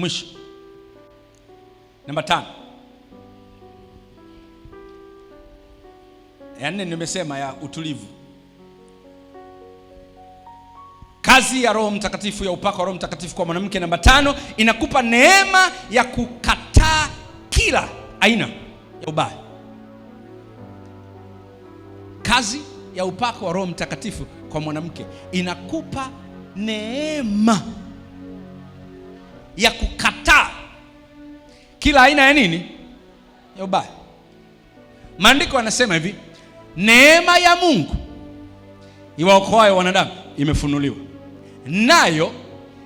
mwisho. Namba tano, ya nne nimesema ya utulivu. Kazi ya Roho Mtakatifu, ya upako wa Roho Mtakatifu kwa mwanamke, namba tano, inakupa neema ya kukataa kila aina ya ubaya. Kazi ya upako wa Roho Mtakatifu kwa mwanamke inakupa neema ya kukataa kila aina ya nini? Ya ubaya. Maandiko yanasema hivi, neema ya Mungu iwaokoayo wanadamu imefunuliwa, nayo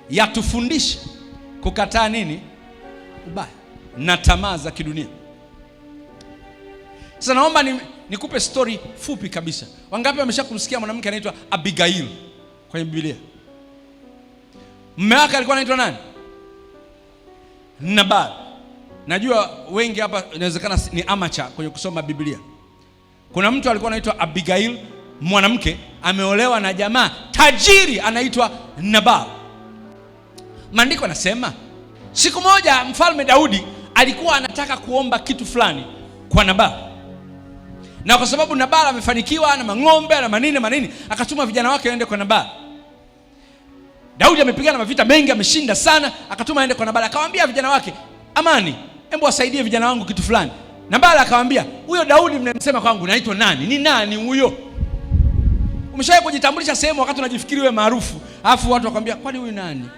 yatufundisha kukataa nini? Ubaya na tamaa za kidunia. Sasa naomba ni, nikupe stori fupi kabisa. Wangapi wamesha kumsikia mwanamke anaitwa Abigail kwenye Biblia? Mume wake alikuwa anaitwa nani? Nabal. Najua wengi hapa inawezekana ni amacha kwenye kusoma Biblia. Kuna mtu alikuwa anaitwa Abigail, mwanamke ameolewa na jamaa tajiri anaitwa Nabal. Maandiko anasema siku moja mfalme Daudi alikuwa anataka kuomba kitu fulani kwa Nabal, na kwa sababu Nabal amefanikiwa na mang'ombe na manini manini, akatuma vijana wake waende kwa Nabal. Daudi amepigana mavita mengi, ameshinda sana, akatuma aende kwa Nabala, akamwambia vijana wake, Amani, embo wasaidie vijana wangu kitu fulani. Nabala akamwambia, huyo Daudi mnamsema kwangu, naitwa nani? Ni nani huyo? Umeshawahi kujitambulisha sehemu wakati unajifikiri wewe maarufu, alafu watu wakwambia, kwani huyu nani?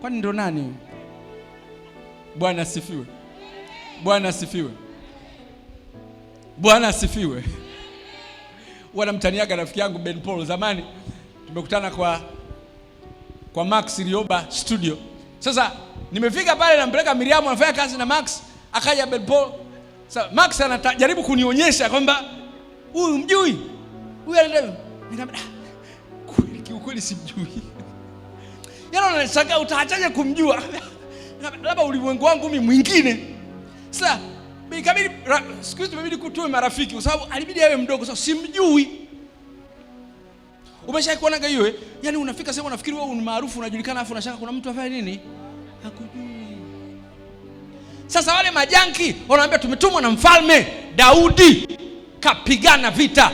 Kwani ndo nani? Bwana asifiwe! Bwana asifiwe! Bwana asifiwe! Wanamtaniaga rafiki yangu Ben Paul, zamani tumekutana kwa kwa Max lioba studio. Sasa nimefika pale, nampeleka Miriam, anafanya kazi na Max, akaja Belpo. Sasa Max anajaribu kunionyesha kwamba huyu mjui huyu, nikamwambia ah, kweli, kiukweli simjui. Yana anashangaa utaachaje kumjua? Labda ulimwengu wangu mimi mwingine. Sasa ikabidi siku hizi imebidi kutume marafiki, kwa sababu alibidi awe mdogo, sasa simjui Umeshawahi kuonaga hiyo eh? Yaani unafika sehemu unafikiri wewe ni maarufu, unajulikana afu unashanga kuna mtu afanye nini? Hakujui. Sasa wale majanki wanaambia tumetumwa na mfalme Daudi kapigana vita.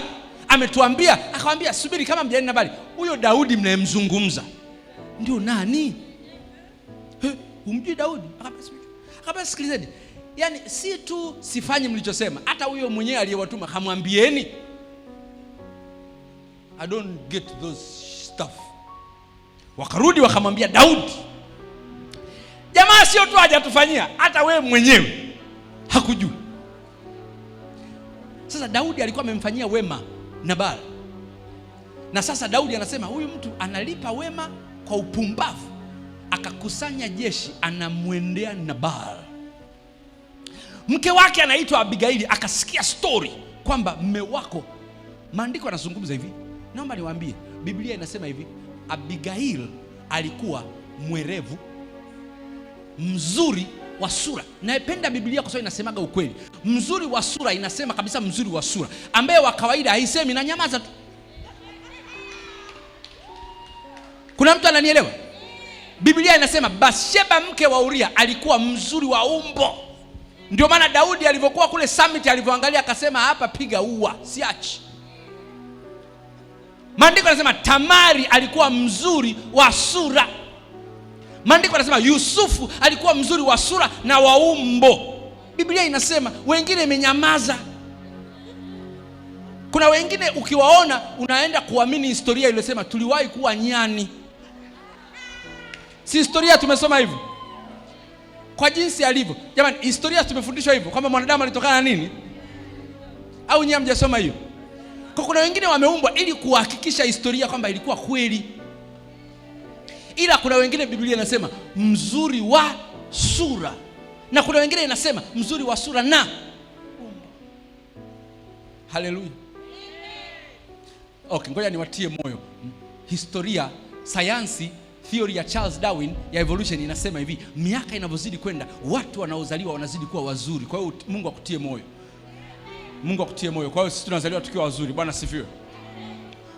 Ametuambia, akamwambia subiri kama mjani habari. Huyo Daudi mnayemzungumza ndio nani? He, umjui Daudi? Akamwambia sikilizeni. Yaani si tu sifanyi mlichosema, hata huyo mwenyewe aliyewatuma hamwambieni. I don't get those stuff. Wakarudi wakamwambia Daudi, jamaa sio tu hajatufanyia, hata wewe mwenyewe hakujui. Sasa Daudi alikuwa amemfanyia wema Nabal, na sasa Daudi anasema huyu mtu analipa wema kwa upumbavu. Akakusanya jeshi, anamwendea Nabal. Mke wake anaitwa Abigaili, akasikia stori kwamba mme wako, maandiko yanazungumza hivi Naomba niwaambie, Biblia inasema hivi, Abigail alikuwa mwerevu mzuri wa sura. Naipenda Biblia kwa sababu inasemaga ukweli. Mzuri wa sura, inasema kabisa mzuri wa sura, ambaye wa kawaida haisemi na nyamaza tu. Kuna mtu ananielewa? Biblia inasema Bathsheba mke wa Uria alikuwa mzuri wa umbo. Ndio maana Daudi alivyokuwa kule summit, alivyoangalia akasema, hapa piga ua, siachi Maandiko yanasema Tamari alikuwa mzuri wa sura. Maandiko yanasema Yusufu alikuwa mzuri wa sura na wa umbo. Biblia inasema wengine imenyamaza. Kuna wengine ukiwaona unaenda kuamini historia iliyosema tuliwahi kuwa nyani. Si historia tumesoma hivyo kwa jinsi alivyo. Jamani, historia tumefundishwa hivyo kwamba mwanadamu alitokana na nini? Au nyinyi hamjasoma hiyo? Kwa kuna wengine wameumbwa ili kuhakikisha historia kwamba ilikuwa kweli, ila kuna wengine Biblia inasema mzuri wa sura, na kuna wengine inasema mzuri wa sura na umbo. Haleluya! Okay, ngoja niwatie moyo. Historia, sayansi theory ya Charles Darwin ya evolution inasema hivi, miaka inavyozidi kwenda watu wanaozaliwa wanazidi kuwa wazuri. Kwa hiyo Mungu akutie moyo. Mungu akutie moyo. Kwa hiyo sisi tunazaliwa tukiwa wazuri. Bwana sifiwe.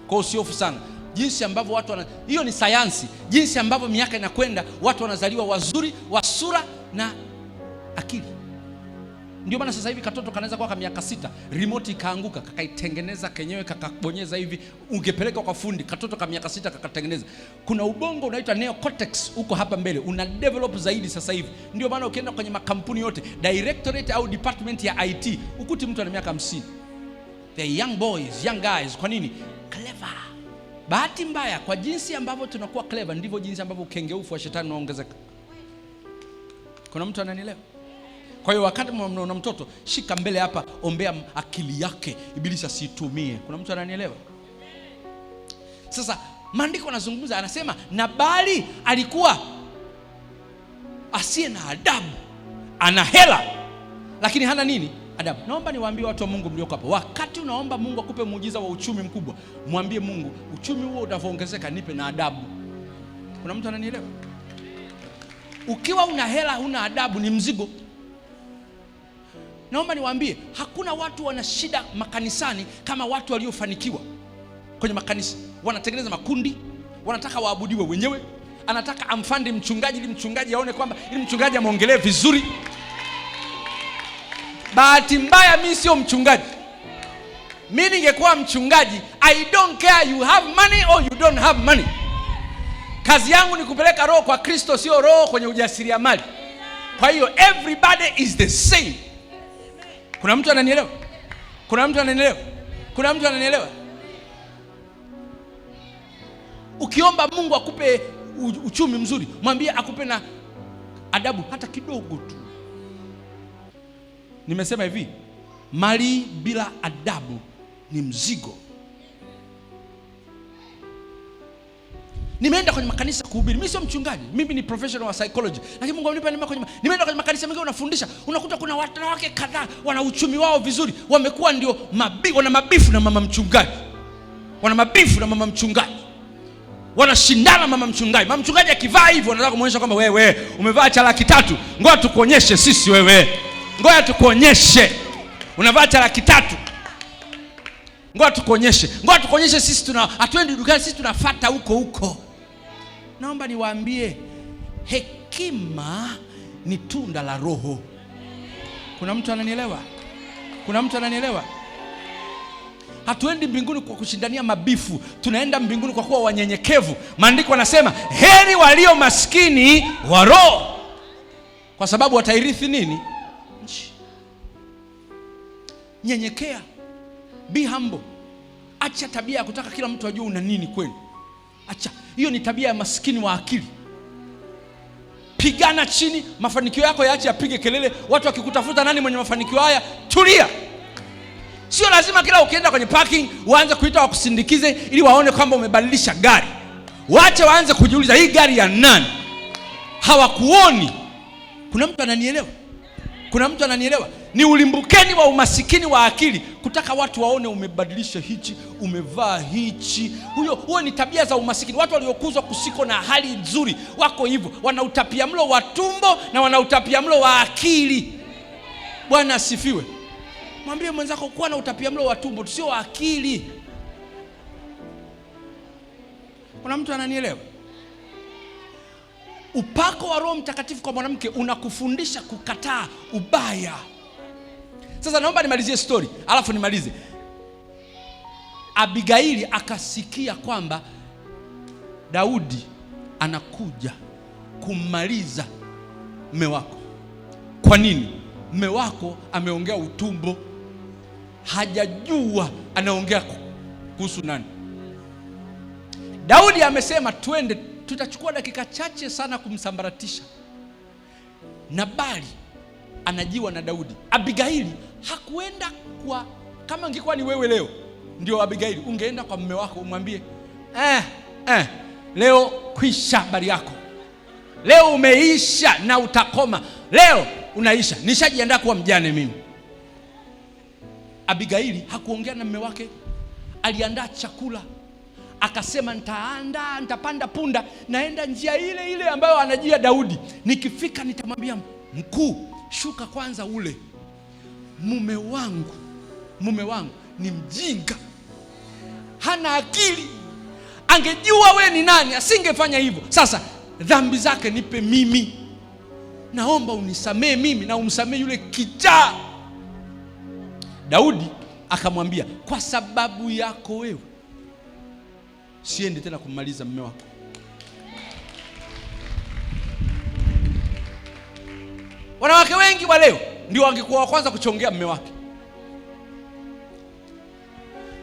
Kwa hiyo usihofu sana jinsi ambavyo watu wana... hiyo ni sayansi, jinsi ambavyo miaka inakwenda watu wanazaliwa wazuri wa sura na akili. Ndio maana sasa hivi katoto kanaweza kuwa miaka sita, remote ikaanguka, kakaitengeneza kenyewe, kakabonyeza hivi, ungepeleka kwa fundi. Katoto ka miaka sita kakatengeneza. Kuna ubongo unaitwa neocortex huko hapa mbele, una develop zaidi sasa hivi. Ndio maana ukienda kwenye makampuni yote, directorate au department ya IT, ukuti mtu ana miaka 50. The young boys, young guys. Kwa nini? Clever. Bahati mbaya kwa jinsi ambavyo tunakuwa clever, ndivyo jinsi ambavyo ukengeufu wa shetani unaongezeka. Kuna mtu ananielewa? Kwa hiyo wakati mnaona mtoto, shika mbele hapa, ombea akili yake, ibilisi asitumie Kuna mtu ananielewa? Sasa maandiko anazungumza, anasema Nabali alikuwa asiye na adabu, ana hela lakini hana nini? Adabu. Naomba niwaambie watu wa Mungu mlioko hapo, wakati unaomba Mungu akupe muujiza wa uchumi mkubwa, mwambie Mungu, uchumi huo utavyoongezeka nipe na adabu. Kuna mtu ananielewa? Ukiwa una hela huna adabu, ni mzigo. Naomba niwaambie, hakuna watu wana shida makanisani kama watu waliofanikiwa kwenye makanisa. Wanatengeneza makundi, wanataka waabudiwe wenyewe, anataka amfandi mchungaji ili mchungaji aone kwamba, ili mchungaji amwongelee vizuri. Bahati mbaya mi sio mchungaji. Mi ningekuwa mchungaji, I don't care you have money or you don't have money. Kazi yangu ni kupeleka roho kwa Kristo, sio roho kwenye ujasiriamali. Kwa hiyo everybody is the same. Kuna mtu ananielewa? Kuna mtu ananielewa? Kuna mtu ananielewa? Ukiomba Mungu akupe uchumi mzuri, mwambie akupe na adabu hata kidogo tu. Nimesema hivi, mali bila adabu ni mzigo. Nimeenda kwenye makanisa kuhubiri. Mimi sio mchungaji, mimi ni professional wa psychology. Lakini Mungu amenipa neema kwenye nimeenda kwenye makanisa mengi unafundisha, unakuta kuna wanawake kadhaa wana uchumi wao vizuri, wamekuwa ndio mabi, wana mabifu na mama mchungaji. Wana mabifu na mama mchungaji. Wanashindana mama mchungaji. Mama mchungaji akivaa hivyo anataka kumuonyesha kwamba wewe umevaa cha laki tatu. Ngoja tukuonyeshe sisi wewe. Ngoja tukuonyeshe. Unavaa cha laki tatu. Ngoja tukuonyeshe. Ngoja tukuonyeshe sisi tuna hatuendi dukani, sisi tunafuata huko huko. Naomba niwaambie, hekima ni tunda la Roho. Kuna mtu ananielewa? Kuna mtu ananielewa? Hatuendi mbinguni kwa kushindania mabifu, tunaenda mbinguni kwa kuwa wanyenyekevu. Maandiko anasema heri walio maskini wa roho, kwa sababu watairithi nini? Nchi. Nyenyekea, bi hambo Acha tabia ya kutaka kila mtu ajue una nini kweli. Acha hiyo ni tabia ya maskini wa akili. Pigana chini, mafanikio yako yaache yapige kelele. Watu wakikutafuta nani mwenye mafanikio haya, tulia. Sio lazima kila ukienda kwenye parking uanze kuita wakusindikize ili waone kwamba umebadilisha gari. Wache waanze kujiuliza hii gari ya nani? Hawakuoni. Kuna mtu ananielewa? Kuna mtu ananielewa? ni ulimbukeni wa umasikini wa akili, kutaka watu waone umebadilisha hichi, umevaa hichi, huyo. Huo ni tabia za umasikini. Watu waliokuzwa kusiko na hali nzuri wako hivyo, wana utapia mlo wa tumbo na wana utapia mlo wa akili. Bwana asifiwe. Mwambie mwenzako kuwa na utapia mlo wa tumbo, sio akili. Kuna mtu ananielewa? Upako wa Roho Mtakatifu kwa mwanamke unakufundisha kukataa ubaya. Sasa naomba nimalizie story alafu nimalize. Abigaili akasikia kwamba Daudi anakuja kummaliza mme wako. Kwa nini? Mme wako ameongea utumbo, hajajua anaongea kuhusu nani. Daudi amesema twende, tutachukua dakika chache sana kumsambaratisha Nabali anajiwa na Daudi. Abigaili hakuenda kwa, kama angekuwa ni wewe leo ndio Abigaili, ungeenda kwa mume wako umwambie eh, eh, leo kwisha habari yako, leo umeisha na utakoma, leo unaisha, nishajiandaa kuwa mjane mimi. Abigaili hakuongea na mume wake, aliandaa chakula akasema nitaanda, nitapanda punda, naenda njia ile ile ambayo anajia Daudi. Nikifika nitamwambia mkuu, shuka kwanza ule mume wangu, mume wangu ni mjinga, hana akili. Angejua we ni nani asingefanya hivyo. Sasa dhambi zake nipe mimi, naomba unisamee mimi na umsamee yule kichaa. Daudi akamwambia, kwa sababu yako wewe siendi tena kummaliza mume wako Wanawake wengi wa leo ndio wangekuwa wa kwanza kuchongea mme wake.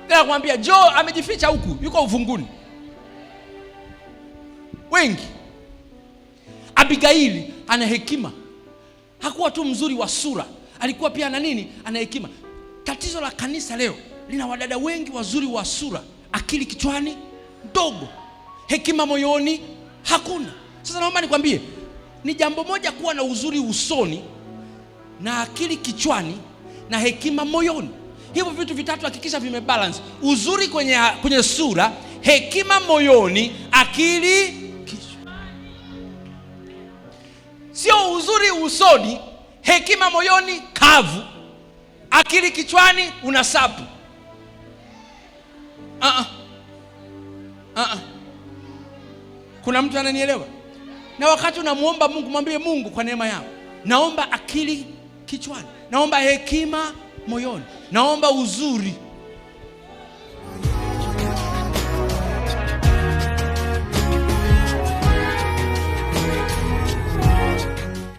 Tena kumwambia Jo amejificha huku, yuko uvunguni. Wengi. Abigaili ana hekima, hakuwa tu mzuri wa sura, alikuwa pia na nini? Ana hekima. Tatizo la kanisa leo lina wadada wengi wazuri wa sura, akili kichwani ndogo, hekima moyoni hakuna. Sasa naomba nikwambie ni jambo moja kuwa na uzuri usoni na akili kichwani na hekima moyoni. Hivyo vitu vitatu hakikisha vimebalance: uzuri kwenye, kwenye sura, hekima moyoni, akili kichwani. Sio uzuri usoni, hekima moyoni kavu, akili kichwani una sapu uh -uh. Uh -uh. Kuna mtu ananielewa? Na wakati unamwomba Mungu, mwambie Mungu, kwa neema yako naomba akili kichwani, naomba hekima moyoni, naomba uzuri